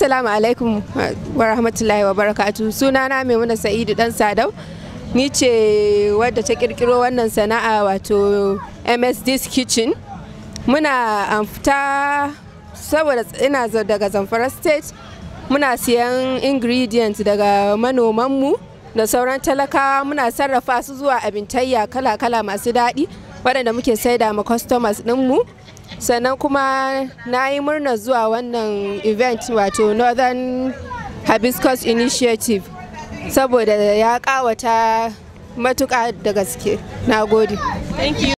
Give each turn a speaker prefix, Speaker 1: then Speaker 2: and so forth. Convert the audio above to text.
Speaker 1: Assalamu alaikum wa rahmatullahi wa barakatu. Sunana Maimuna Sa'idu dan Sadau. Ni ce wadda ta kirkiro wannan sana'a wato MSD's Kitchen. Muna amfita saboda ina daga Zamfara State. Muna siyan ingredients daga manomanmu da sauran talakawa muna sarrafa su zuwa abintayya kala-kala masu daɗi. waɗanda muke saida ma customers ɗinmu sannan kuma na yi murnar zuwa wannan event wato northern hibiscus initiative saboda ya ƙawata matuƙa da gaske na gode